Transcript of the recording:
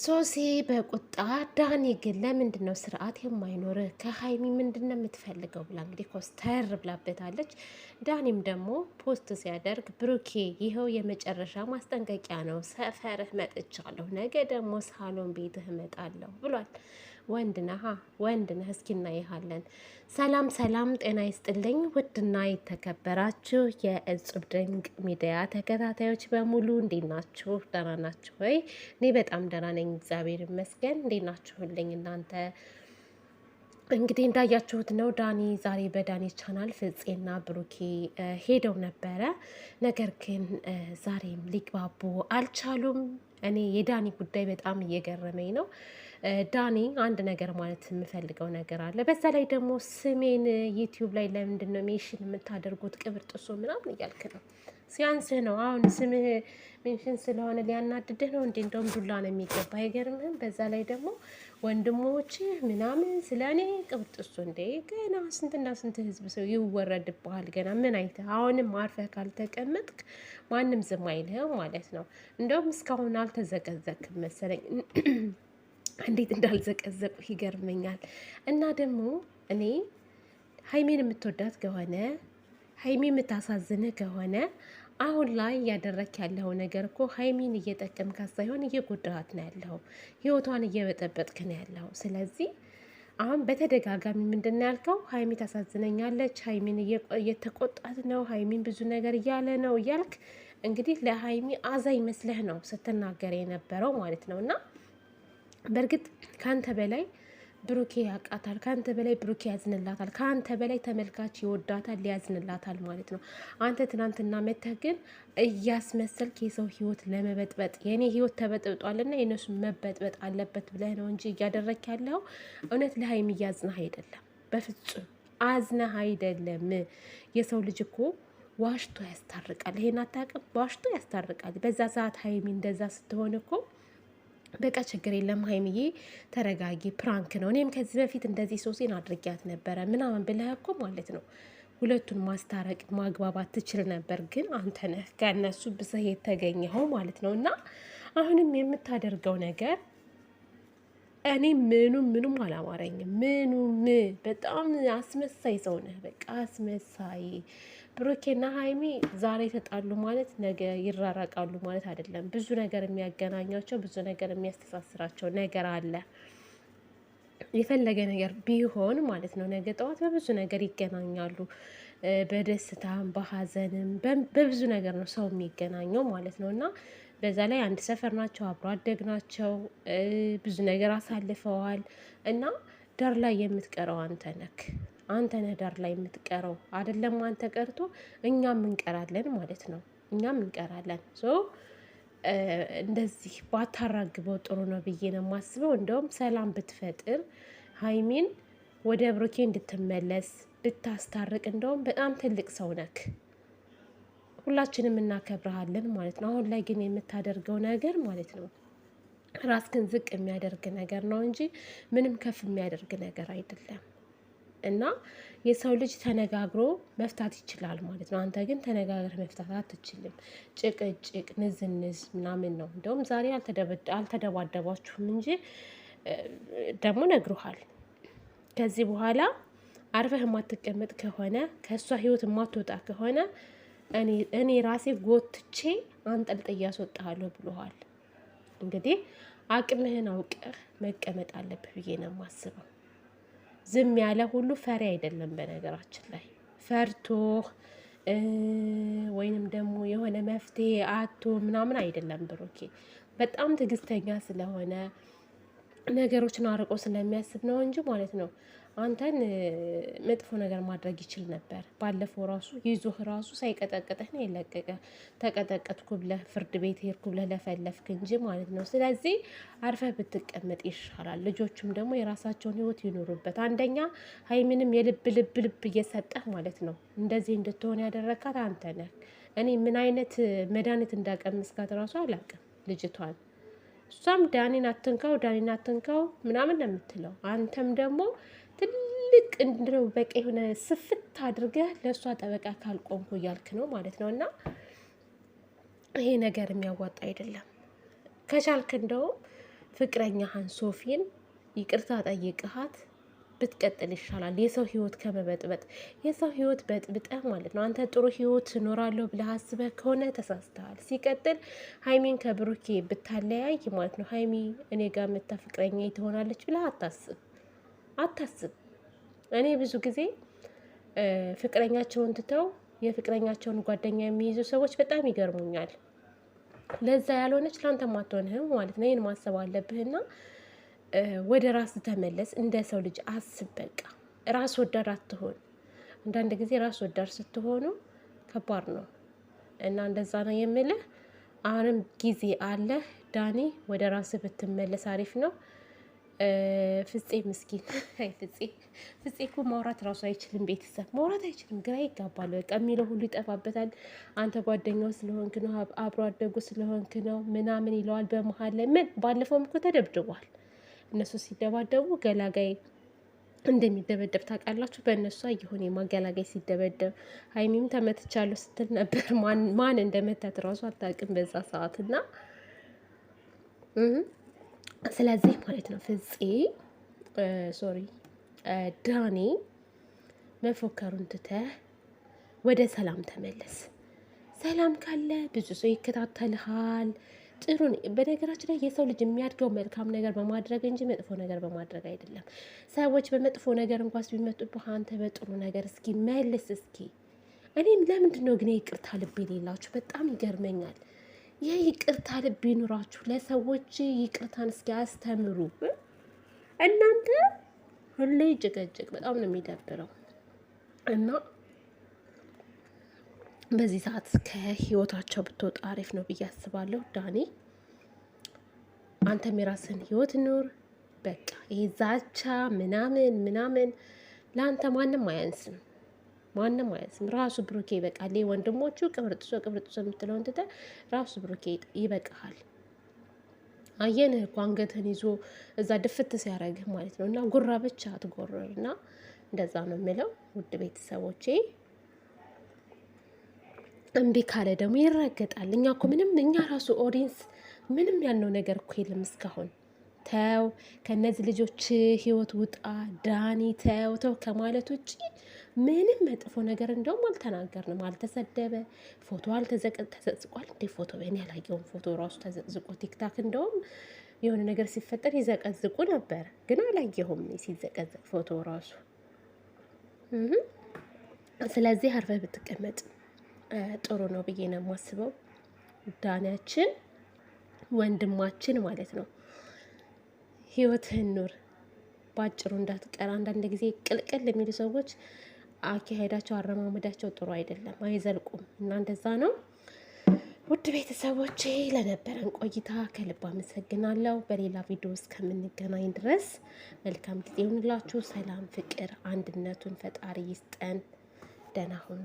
ሶሲ በቁጣ ዳኒ ግን ለምንድን ነው ስርዓት የማይኖርህ ከሀይሚ ምንድን ነው የምትፈልገው ብላ እንግዲህ ኮስተር ብላበታለች። ዳኒም ደግሞ ፖስት ሲያደርግ ብሩኬ ይኸው የመጨረሻ ማስጠንቀቂያ ነው፣ ሰፈርህ መጥቻለሁ፣ ነገ ደግሞ ሳሎን ቤትህ እመጣለሁ ብሏል። ወንድ ነሃ ወንድ ነህ፣ እስኪ እናይሃለን። ሰላም ሰላም፣ ጤና ይስጥልኝ ውድና የተከበራችሁ የእጹብ ድንቅ ሚዲያ ተከታታዮች በሙሉ እንዴት ናችሁ? ደህና ናችሁ ወይ? እኔ በጣም ደህና ነኝ፣ እግዚአብሔር ይመስገን። እንዴት ናችሁልኝ እናንተ? እንግዲህ እንዳያችሁት ነው ዳኒ ዛሬ በዳኒ ቻናል ፍፄና ብሩኬ ሄደው ነበረ። ነገር ግን ዛሬም ሊግባቡ አልቻሉም። እኔ የዳኒ ጉዳይ በጣም እየገረመኝ ነው። ዳኒ አንድ ነገር ማለት የምፈልገው ነገር አለ። በዛ ላይ ደግሞ ስሜን ዩቲዩብ ላይ ለምንድን ነው ሜንሽን የምታደርጉት? ቅብር ጥሶ ምናምን እያልክ ነው። ሲያንስህ ነው አሁን ስምህ ሜንሽን ስለሆነ ሊያናድድህ ነው እንዴ? እንደውም ዱላ ነው የሚገባ። አይገርምህም? በዛ ላይ ደግሞ ወንድሞችህ ምናምን ስለ እኔ ቅብር ጥሶ እንዴ! ገና ስንትና ስንት ህዝብ ሰው ይወረድብሃል። ገና ምን አይተህ አሁንም አርፈህ ካልተቀመጥክ ማንም ዝም አይልህም ማለት ነው። እንደውም እስካሁን አልተዘቀዘክም መሰለኝ እንዴት እንዳልዘቀዘቁ ይገርመኛል። እና ደግሞ እኔ ሀይሜን የምትወዳት ከሆነ ሀይሜ የምታሳዝነ ከሆነ አሁን ላይ እያደረክ ያለው ነገር እኮ ሀይሜን እየጠቀምካት ሳይሆን እየጎዳሃት ነው ያለው፣ ህይወቷን እየበጠበጥክ ነው ያለው። ስለዚህ አሁን በተደጋጋሚ ምንድን ነው ያልከው? ሀይሜ ታሳዝነኛለች፣ ሀይሜን እየተቆጣት ነው፣ ሀይሜን ብዙ ነገር እያለ ነው እያልክ እንግዲህ ለሀይሜ አዛኝ መስለህ ነው ስትናገር የነበረው ማለት ነው እና በእርግጥ ከአንተ በላይ ብሩኬ ያውቃታል። ከአንተ በላይ ብሩኬ ያዝንላታል። ከአንተ በላይ ተመልካች ይወዳታል፣ ሊያዝንላታል ማለት ነው። አንተ ትናንትና መተህ ግን እያስመሰልክ የሰው ህይወት ለመበጥበጥ የእኔ ህይወት ተበጥብጧልና የእነሱ መበጥበጥ አለበት ብለህ ነው እንጂ እያደረግክ ያለው እውነት ለሀይሚ እያዝነህ አይደለም። በፍጹም አዝነህ አይደለም። የሰው ልጅ እኮ ዋሽቶ ያስታርቃል። ይሄን አታውቅም? ዋሽቶ ያስታርቃል። በዛ ሰዓት ሀይሚ እንደዛ ስትሆን እኮ በቃ ችግር የለም ሀይምዬ ተረጋጊ፣ ፕራንክ ነው። እኔም ከዚህ በፊት እንደዚህ ሶሴን አድርጊያት ነበረ ምናምን ብለህ እኮ ማለት ነው ሁለቱን ማስታረቅ ማግባባት ትችል ነበር፣ ግን አንተ ነህ ከእነሱ ብስህ የተገኘኸው ማለት ነው። እና አሁንም የምታደርገው ነገር እኔ ምኑም ምኑም አላማረኝም። ምኑም በጣም አስመሳይ ሰው ነህ፣ በቃ አስመሳይ። ብሩኬና ሀይሚ ዛሬ ተጣሉ ማለት ነገ ይራራቃሉ ማለት አይደለም። ብዙ ነገር የሚያገናኛቸው ብዙ ነገር የሚያስተሳስራቸው ነገር አለ። የፈለገ ነገር ቢሆን ማለት ነው ነገ ጠዋት በብዙ ነገር ይገናኛሉ። በደስታም በሀዘንም በብዙ ነገር ነው ሰው የሚገናኘው ማለት ነው እና በዛ ላይ አንድ ሰፈር ናቸው፣ አብሮ አደግ ናቸው፣ ብዙ ነገር አሳልፈዋል እና ዳር ላይ የምትቀረው አንተ ነክ አንተ ነህ ዳር ላይ የምትቀረው አይደለም። አንተ ቀርቶ እኛም እንቀራለን ማለት ነው። እኛም እንቀራለን። ሶ እንደዚህ ባታራግበው ጥሩ ነው ብዬ ነው የማስበው። እንደውም ሰላም ብትፈጥር ሀይሚን ወደ ብሩኬ እንድትመለስ ብታስታርቅ፣ እንደውም በጣም ትልቅ ሰው ነክ ሁላችንም እናከብረሃለን ማለት ነው። አሁን ላይ ግን የምታደርገው ነገር ማለት ነው ራስክን ዝቅ የሚያደርግ ነገር ነው እንጂ ምንም ከፍ የሚያደርግ ነገር አይደለም። እና የሰው ልጅ ተነጋግሮ መፍታት ይችላል ማለት ነው። አንተ ግን ተነጋግረህ መፍታት አትችልም። ጭቅጭቅ፣ ንዝንዝ ምናምን ነው። እንደውም ዛሬ አልተደባደባችሁም እንጂ ደግሞ ነግሮሃል። ከዚህ በኋላ አርፈህ የማትቀመጥ ከሆነ ከእሷ ህይወት የማትወጣ ከሆነ እኔ ራሴ ጎትቼ አንጠልጥዬ ያስወጣሃለሁ ብለዋል። እንግዲህ አቅምህን አውቀህ መቀመጥ አለብህ ብዬ ነው የማስበው። ዝም ያለ ሁሉ ፈሪ አይደለም። በነገራችን ላይ ፈርቶ ወይንም ደግሞ የሆነ መፍትሄ አቶ ምናምን አይደለም። ብሩኬ በጣም ትዕግስተኛ ስለሆነ ነገሮችን አርቆ ስለሚያስብ ነው እንጂ ማለት ነው። አንተን መጥፎ ነገር ማድረግ ይችል ነበር። ባለፈው ራሱ ይዞህ ራሱ ሳይቀጠቅጥህ ነው የለቀቀ። ተቀጠቀጥኩ ብለህ ፍርድ ቤት ሄድኩ ብለህ ለፈለፍክ እንጂ ማለት ነው። ስለዚህ አርፈህ ብትቀመጥ ይሻላል። ልጆቹም ደግሞ የራሳቸውን ህይወት ይኖሩበት። አንደኛ ሀይሚንም የልብ ልብ ልብ እየሰጠህ ማለት ነው። እንደዚህ እንድትሆን ያደረካት አንተ ነህ። እኔ ምን አይነት መድኃኒት እንዳቀምስካት ራሱ አላውቅም ልጅቷን እሷም ዳኒን አትንካው ዳኒን አትንካው ምናምን ነው የምትለው። አንተም ደግሞ ትልቅ እንድነው በቃ የሆነ ስፍት አድርገህ ለእሷ ጠበቃ ካልቆምኩ እያልክ ነው ማለት ነው። እና ይሄ ነገር የሚያዋጣ አይደለም። ከቻልክ እንደውም ፍቅረኛህን ሶፊን ይቅርታ ጠይቅሃት ብትቀጥል ይሻላል። የሰው ህይወት ከመበጥበጥ የሰው ህይወት በጥብጠህ ማለት ነው። አንተ ጥሩ ህይወት እኖራለሁ ብለህ አስበህ ከሆነ ተሳስተሃል። ሲቀጥል ሀይሚን ከብሩኬ ብታለያይ ማለት ነው ሀይሚ እኔ ጋር መታ ፍቅረኛ ትሆናለች ብለህ አታስብ። አታስብ። እኔ ብዙ ጊዜ ፍቅረኛቸውን ትተው የፍቅረኛቸውን ጓደኛ የሚይዙ ሰዎች በጣም ይገርሙኛል። ለዛ ያልሆነች ለአንተ ማትሆንህም ማለት ነው። ይህን ማሰብ አለብህና ወደ ራስ ተመለስ። እንደ ሰው ልጅ አስብ። በቃ ራስ ወዳድ አትሆን። አንዳንድ ጊዜ ራስ ወዳድ ስትሆኑ ከባድ ነው እና እንደዛ ነው የምልህ። አሁንም ጊዜ አለህ ዳኒ፣ ወደ ራስህ ብትመለስ አሪፍ ነው። ፍፄ ምስኪን አይ ፍፄ ፍፄ እኮ ማውራት ራሱ አይችልም። ቤተሰብ ማውራት አይችልም፣ ግራ ይጋባል። በቃ የሚለው ሁሉ ይጠፋበታል። አንተ ጓደኛው ስለሆንክ ነው፣ አብሮ አደጉ ስለሆንክ ነው ምናምን ይለዋል። በመሀል ላይ ምን ባለፈውም እኮ ተደብድቧል። እነሱ ሲደባደቡ ገላጋይ እንደሚደበደብ ታውቃላችሁ። በእነሱ የሆነ ማገላጋይ ሲደበደብ ሀይሚም ተመትቻለሁ ስትል ነበር። ማን እንደመታት ራሱ አታውቅም በዛ ሰዓት እና ስለዚህ ማለት ነው ፍፄ ሶሪ ዳኔ መፎከሩን ትተህ ወደ ሰላም ተመለስ። ሰላም ካለ ብዙ ሰው ይከታተልሃል። ጥሩ በነገራችን ላይ የሰው ልጅ የሚያድገው መልካም ነገር በማድረግ እንጂ መጥፎ ነገር በማድረግ አይደለም። ሰዎች በመጥፎ ነገር እንኳስ ቢመጡብህ አንተ በጥሩ ነገር እስኪ መልስ እስኪ። እኔም ለምንድን ነው ግን ይቅርታ ልብ የሌላችሁ በጣም ይገርመኛል። የይቅርታ ልብ ይኑራችሁ። ለሰዎች ይቅርታን እስኪ አስተምሩ። እናንተ ሁሌ ጭቅጭቅ በጣም ነው የሚደብረው እና በዚህ ሰዓት ከህይወታቸው ብትወጣ አሪፍ ነው ብዬ አስባለሁ። ዳኒ አንተም የራስን ህይወት ኑር። በቃ ይሄ ዛቻ ምናምን ምናምን ለአንተ ማንም አያንስም። ማንም አያዝም። ራሱ ብሩኬ ይበቃል። ወንድሞቹ ቅብርጥሶ ቅብርጥሶ የምትለውን ትተህ ራሱ ብሩኬ ይበቃሃል። አየንህ እኮ አንገትህን ይዞ እዛ ድፍት ሲያደርግህ ማለት ነው። እና ጉራ ብቻ አትጎርር እና እንደዛ ነው የምለው ውድ ቤተሰቦቼ። እምቢ ካለ ደግሞ ይረገጣል። እኛ እኮ ምንም እኛ ራሱ ኦዲንስ ምንም ያልነው ነገር እኮ የለም እስካሁን ተው ከእነዚህ ልጆች ህይወት ውጣ ዳኒ፣ ተው ተው ከማለት ውጭ ምንም መጥፎ ነገር እንደውም አልተናገርንም። አልተሰደበ፣ ፎቶ አልተዘቅዝቋል። እንደ ፎቶ ወይ ያላየውን ፎቶ ራሱ ተዘቅዝቆ ቲክታክ እንደውም የሆነ ነገር ሲፈጠር ይዘቀዝቁ ነበር፣ ግን አላየሁም ሲዘቀዝቅ ፎቶ ራሱ። ስለዚህ አርፈ ብትቀመጥ ጥሩ ነው ብዬ ነው የማስበው። ዳንያችን ወንድማችን ማለት ነው። ህይወትህን ኑር በአጭሩ እንዳትቀር። አንዳንድ ጊዜ ቅልቅል የሚሉ ሰዎች አካሄዳቸው፣ አረማመዳቸው ጥሩ አይደለም፣ አይዘልቁም እና እንደዛ ነው። ውድ ቤተሰቦቼ ለነበረን ቆይታ ከልብ አመሰግናለሁ። በሌላ ቪዲዮ እስከምንገናኝ ድረስ መልካም ጊዜ ይሁንላችሁ። ሰላም፣ ፍቅር፣ አንድነቱን ፈጣሪ ይስጠን። ደህና ሁኑ።